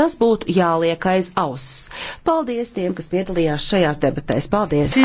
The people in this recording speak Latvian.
Tas būtu jāliek aiz auss. Paldies tiem, kas piedalījās šajās debatēs. Paldies!